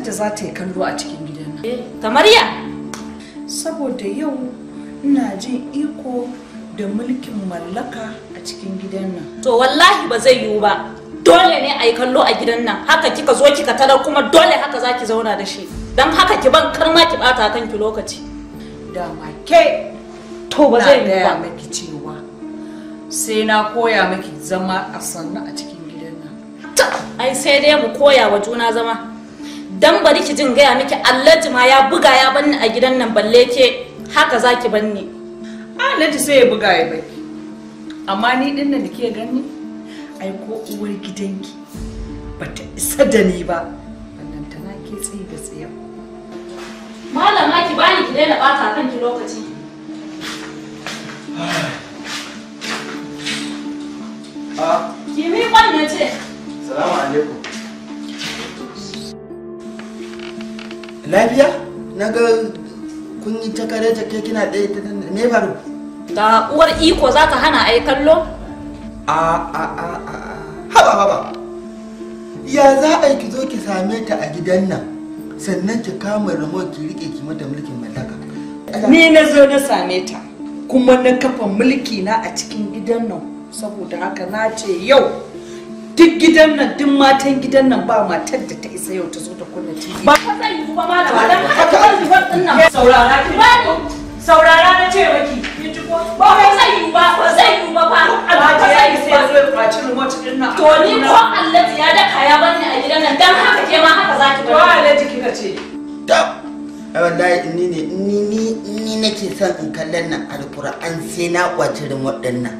matar da za ta yi kallo a cikin gidan nan. Eh, Tamariya! Saboda yau ina jin iko da mulkin mallaka a cikin gidan nan. To wallahi ba zai yiwu ba. Dole ne a yi kallo a gidan nan. Haka kika zo kika tarar kuma dole haka za ki zauna da shi. Don haka ki ban karma ki bata kanki lokaci. Dama ke to ba zai yiwu ba. miki cewa sai na koya miki zama a sannu a cikin gidan nan. Ai sai dai mu koya wa juna zama. dan bari ki jin gaya miki Alhaji ma ya buga ya banni a gidan nan balle ke haka zaki banni Alhaji sai ya buga ya baki amma ni din nan da ke gani ai ko uwar gidanki bata isa da ni ba wannan na ke tsaye da tsaye malama ki bani ki daina bata kanki lokaci Ah. Ki mi ce. Salamu alaikum. lafiya na ga kun yi ta kare ta ke kina ɗaya ta me faru ta uwar iko za ka hana ai kallo a a a a haba haba ya za a ki zo ki same ta a gidan nan sannan ki kama remote ki rike ki mata mulkin mallaka ni na zo na same ta kuma na kafa mulki na a cikin gidan nan saboda haka na ce yau duk gidan nan duk matan gidan nan ba matar da ta isa yau ta zo kunna TV. Ba fa zan yi ba malama dan haka zan yi wannan nan. Saurara ki. Ba ni saurara na ce maki. Kin ji Ba fa zan yi ba ba zan yi ba ba. Ba fa yi sai zo kwaci remote din To ni ko Allah ya daka ya banni a gidan nan dan haka ke ma haka zaki ba. Ko Allah kika ce. Dab. wallahi ni ne ni ni nake son in kallon nan alkur'an sai na kwaci remote din nan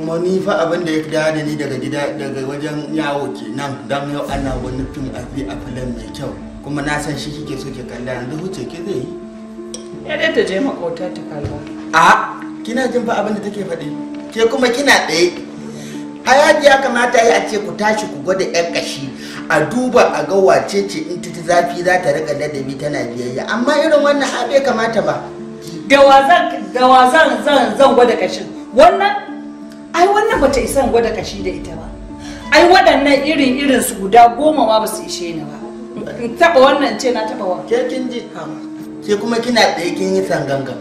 kuma ni fa abin da ya da da ni daga gida daga wajen yawo kenan don yau ana wani fim a fi a filin mai kyau kuma na san shi kike so ke kalla yanzu huce ke zai yi ya dai ta je makauta ta kalla a kina jin fa abin da take faɗi ke kuma kina ɗaya hayaji ya kamata ya ce ku tashi ku gwada yan kashi a duba a ga wace ce in ta zafi za ta riƙa ladabi tana biyayya amma irin wannan abe kamata ba da wa zan zan zan gwada kashin wannan ai wannan bata isan gwada kashi da ita ba ai waɗannan irin irin su guda goma ma su ishe ni ba in taba wannan ce na taba wannan ke kin ji ke kuma kina tsaye kin yi sangangam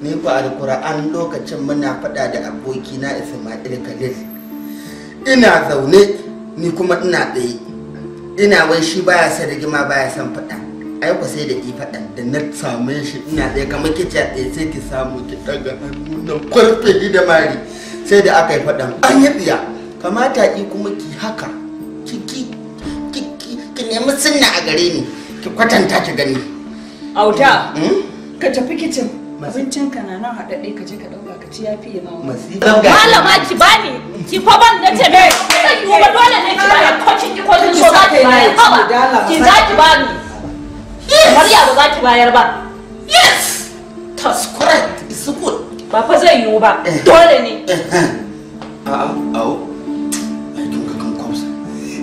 ni ku alkur'an lokacin muna faɗa da abokina isma'il khalil ina zaune ni kuma ina tsaye ina wai shi baya son rigima baya son faɗa ai ku sai da ifaɗan da na same shi ina ɗaya kamar ce a ɗaya sai ki samu ki ɗaga hannu na kwarfe da mari sai da aka yi faɗan an yi biya kamata i kuma ki haka ki ki ki ki nemi sunna a gare ni ki kwatanta ki gani auta hmm? ka tafi kicin abincin ka na nan haɗaɗɗe ka je ka ɗauka ka ci ya fiye ma malama ki bani ki fa ban na ce me ki dole ne ki bani ko ki ko ki so ka ki za za ki bayar ba yes that's correct it's good ba fa zai yiwu ba eh. dole ne a eh, eh. awo ai ka kan kwamsa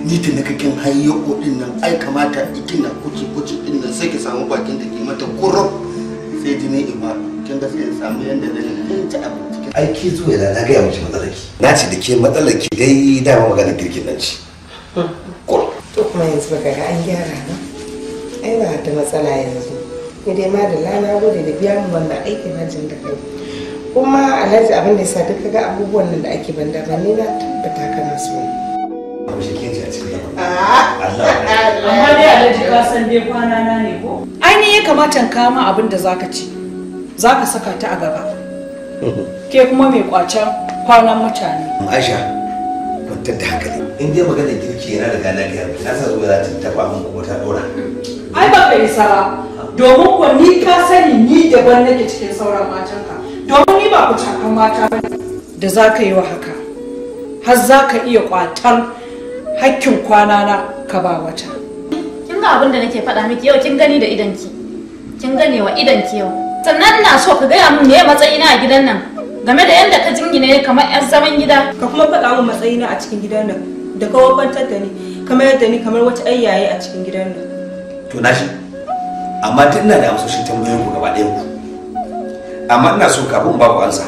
ni da naka kin hayyo din nan ai kamata na kuce kuce din nan sai ki samu bakin da ke mata kuro sai ne iba kin ga sai samu yanda da ta abu ai ki zo yana na ga miki matsalar ki na ce da ke matsalar ki dai dama magana girkin nan ci to kuma yanzu baka ga an gyara na ai ba ta matsala yanzu ni dai ma da lana gode da biya mu wannan aikin hajjin da kai kuma alhaji abin da ya sa duka ga abubuwan nan da ake banda ba ni na tabbata kana so abu shi ke ji a cikin ah! amma dai alhaji ka san dai kwana na ne ko ai ne ya kamata in kama abin da zaka ci zaka saka ta a gaba ke kuma mai kwacen kwanan mutane aisha kwantar da hankali in dai magana girki yana da gana biyar na sa zuwa za ta taba min kuma ta dora ai ba ka isa ba domin ko ni ka sani ni daban nake cikin sauran matanka domin ni ba ku cakan mata ba da za ka yi wa haka har za ka iya kwatar hakkin kwana na ka ba wata kin ga abin da nake faɗa miki yau kin gani da ki kin gane wa ki yau sannan na so ka gaya min me matsayina a gidan nan game da yadda ka jingine kamar 'yan zaman gida ka kuma faɗa min matsayina a cikin gidan nan da ka wabantar da ni kamar yadda ni kamar wata ayyaye a cikin gidan nan to na shi amma tun na da amsoshin tambayoyin ku gaba ɗayan ku amma ina so kafin ba ku ansa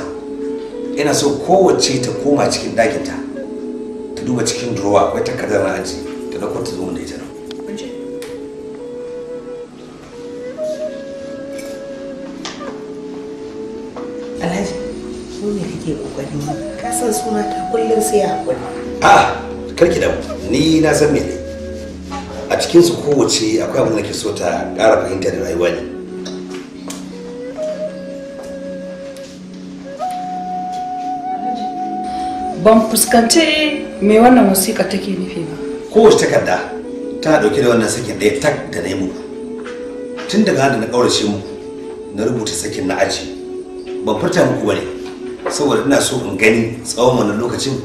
ina so kowace ta koma cikin ɗakin ta ta duba cikin durowa akwai takardar na aji ta dauko ta zo da ita nan Alhaji, so ne kake kokarin ka san suna ta kullum sai a kullum. A'a, karki da ni na san me ne. cikin su kowace akwai abin da ke so ta kara fahimta da rayuwa ne ban fuskanci me wannan wasiƙa take nufi ba kowace takarda ta ɗauke da wannan sakin ɗaya tak da na yi tun daga hannun na ƙaurace mu na rubuta sakin na aji ban furta muku ba ne saboda ina so in gani tsawon wannan lokacin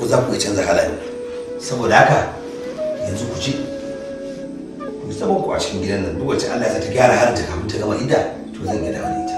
ko za ku canza halayen saboda haka yanzu ku ce zaman ku a cikin gidan nan duk wacce Allah ya ta gyara har ta kafin ta gama idda to zan iya dawo da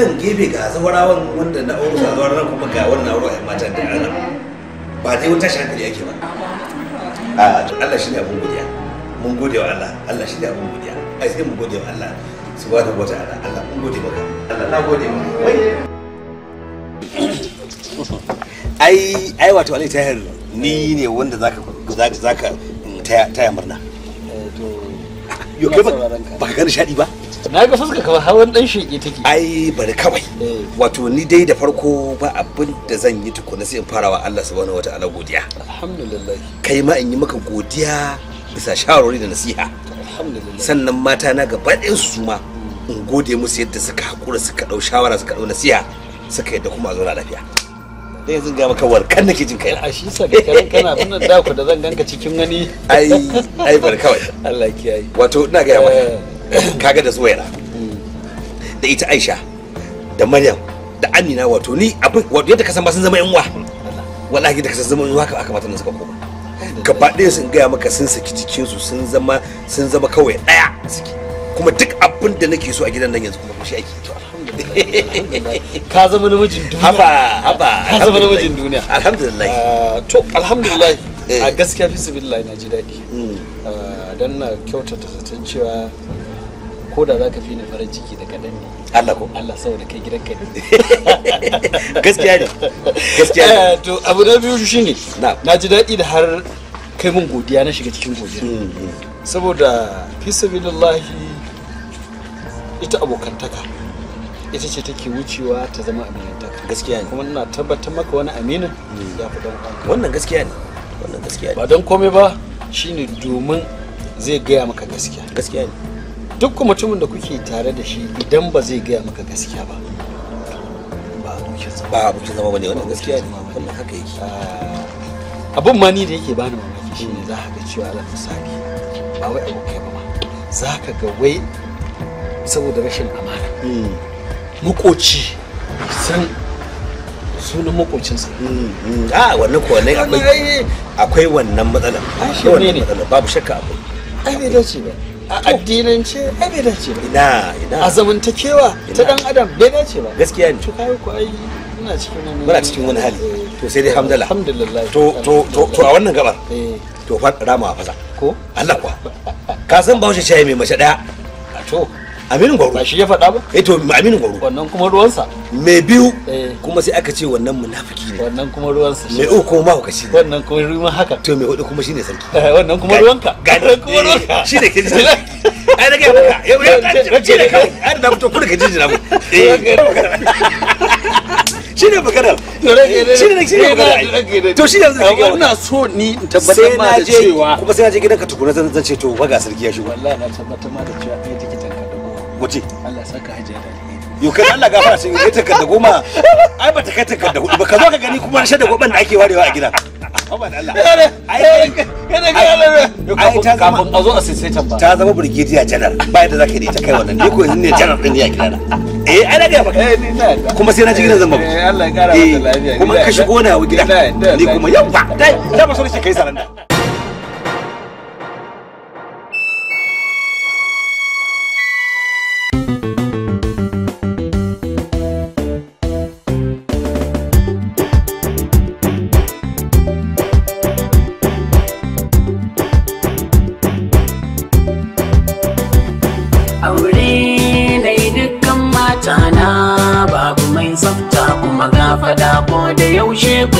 nan gefe ga zawarawan wanda na auro zawarawan nan kuma ga wannan auro ai matan da ana ba dai wata shafiri yake ba Allah shi ne abun godiya mun gode wa Allah Allah shi ne abun godiya a sai mun gode wa Allah subhanahu wa ta'ala Allah mun gode maka Allah na gode maka ai ai wato Ali Tahir ni ne wanda zaka zaka zaka taya murna eh, to yo kai ba ka ga nishadi ba na ga fuska kamar hawan dan sheke take ai bari kawai eh. wato ni dai da farko ba abin da zan yi tukuna sai in fara wa Allah subhanahu wataala godiya alhamdulillah kai ma in yi maka godiya bisa shawarwari da nasiha alhamdulillah sannan mata na gaba ɗayan su ma in gode musu yadda suka hakura suka dau shawara suka dau nasiha suka yadda kuma a zauna lafiya da yanzu ga maka warkar nake jin kai a shi sa ga karan kana tun da ku da zan ganka cikin wani ai ai bar kawai Allah kiyaye wato ina ga maka eh. kaga da zuwaira da ita aisha da maryam da amina wato ni abin wato yadda ka san ba sun zama yan uwa wallahi yadda san zama ka aka mata nan suka koma gaba ɗaya sun gaya maka sun saki su sun zama sun zama kawai ɗaya suke kuma duk abin da nake so a gidan nan yanzu kuma shi ake to ka zama namijin duniya haba haba ka zama namijin duniya alhamdulillah ah, to alhamdulillah eh. a gaskiya fi sibillahi na ji daɗi mm. ah, don na kyautata zaton cewa ko da za ka fi ni farin ciki da kaɗan ne Allah ko Allah saboda kai gidan ka ne gaskiya ne gaskiya ne eh, to abu na biyu ne. na ji daɗi da har kai mun godiya na shiga cikin godiya hmm, hmm. saboda fi sabilillahi ita abokantaka ita ce take wucewa ta zama aminantaka gaskiya ne kuma ina tabbatar maka wani aminin hmm. ya fi dan wannan gaskiya ne wannan gaskiya ne ba don komai ba shine domin zai gaya maka gaskiya gaskiya ne duk mutumin da kuke tare da shi idan ba zai gaya maka gaskiya ba ba abokin zama ba abokin zama bane wannan gaskiya ne wannan haka yake ah, abun ma ni da yake bani mamaki shine za ka ga cewa alal misali ba wai abokai ba ma za ka ga wai saboda rashin amana hmm. makoci san sunan makocinsa hmm, hmm. a ah, wannan ko ne akwai akwai wannan matsalar akwai wannan matsalar babu shakka akwai ai bai dace ba a addinance ce ai bai dace ba ina ina a zamantakewa ta dan adam bai dace ba gaskiya ne to kai ko ai muna cikin wani muna cikin wani hali eh. to sai dai hamdala alhamdulillah to to to a wannan gabar eh. to fa rama fa ko Allah kuwa ka san bawo shi mai mace daya to aminu gwaro ba shi ya faɗa ba eh to aminu gwaro wannan kuma ruwansa me biyu eh. kuma sai aka ce wannan munafiki ne wannan kuma ruwansa me uku kuma ka ne wannan kuma ruwan haka to me hudu kuma shine sarki eh, wannan kuma ruwanka ga wannan kuma eh, ruwanka shine ke ji ai da kai maka yau yau ce da kai har da fito kudu ka ji jira eh shine bakarar shine ne shine bakarar to shine zan ga ina so ni in tabbatar ma da cewa kuma sai na je gidanka tukuna zan ce to ba ga sarki ya shigo wallahi na tabbatar ma da cewa wace Allah saka hajiya da yau kai Allah gafara sai kai takarda goma ai ba ta kai takarda hudu ba ka zo ka gani kuma rashe da goban da ake warewa a gidan eh, eh, eh, kafin a zo a saisaita ba ta zama brigadier general ba yadda zaka yi ta kai wannan ni ko yanzu ne general din ne a gidana eh ana ga maka kuma sai na ji gidan zan maka kuma ka shigo na gidan ni kuma yau dai da ba so kai 学。